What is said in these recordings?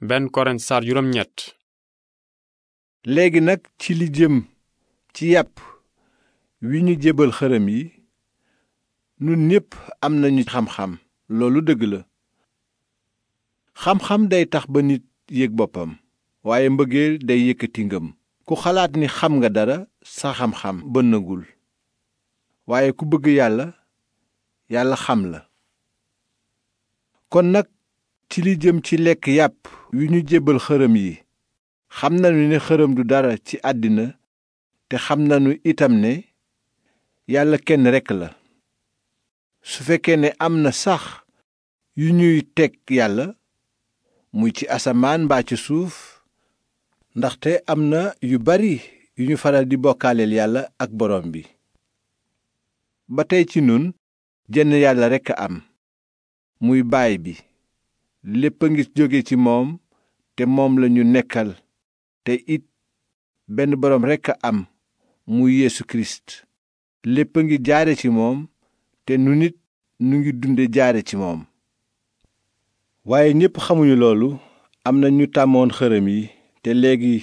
benn Korent saar juróom léegi nag ci li jëm ci yàpp wi ñu jébal xërëm yi nun ñépp am nañu xam-xam loolu dëgg la xam-xam day tax ba nit yéeg boppam waaye mbëggeel day yëkkati ngëm ku xalaat ni xam nga dara sa xam-xam bënnagul waaye ku bëgg yàlla yàlla xam la kon nag ci li jëm ci lekk yàpp yu ñu jébbal xërëm yi xam nañu ne xërëm du dara ci àddina te xam nañu itam ne yàlla kenn rekk la su fekkee ne am na sax yu ñuy teg yàlla muy ci asamaan mbaa ci suuf ndaxte am na yu bari yu ñu faral di bokkaaleel yàlla ak borom bi ba tey ci nun jenn yàlla rekk a am muy baay bi lépp a ngi jóge ci moom te moom lañu nekkal te it benn boroom rekk a am mu Yeesu Kirist lépp a ngi jaare ci moom te nu nit ñu ngi dunde jaare ci moom waaye ñépp xamuñu loolu am na ñu tàmmoon xërëm yi te léegi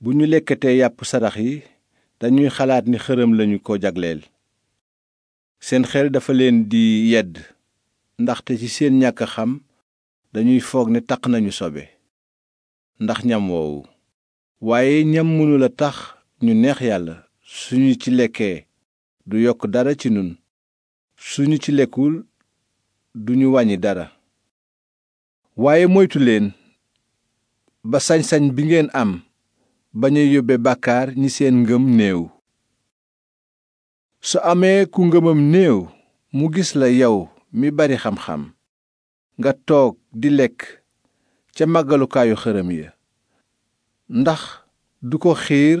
bu ñu lekkatee yàpp sarax yi dañuy xalaat ni xërëm lañu ko jagleel seen xel dafa leen di yedd ndaxte ci seen ñàkk xam dañuy foog ne taq nañu sobe ndax ñam woowu waaye ñam mënula tax ñu neex yàlla suñu ci lekkee du yokk dara ci nun suñu ci lekkul duñu wàññi dara waaye moytu leen ba sañ-sañ bi ngeen am ba a yóbbe bàkkaar ñi seen ngëm néew su amee ku néew mu gis la yow mi bari xam nga toog di lekk ca màggalukaayu xërëm ya ndax du ko xiir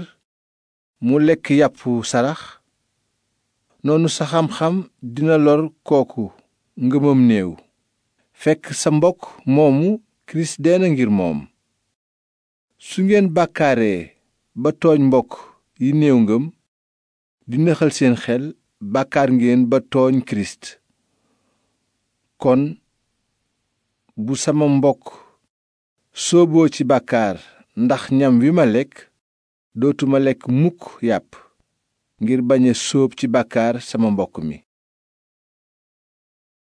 mu lekk yàppu sarax noonu sa xam-xam dina lor kooku ngëmam néew fekk sa mbokk moomu kirist dee na ngir moom su ngeen bàkkaaree ba tooñ mbokk yi néew ngëm di nëxal seen xel bàkkaar ngeen ba tooñ kirist kon bu sama mbokk sooboo ci bàkkaar ndax ñam wi ma lekk dootuma lekk mukk yàpp ngir bañ a sóob ci bàkkaar sama mbokk mi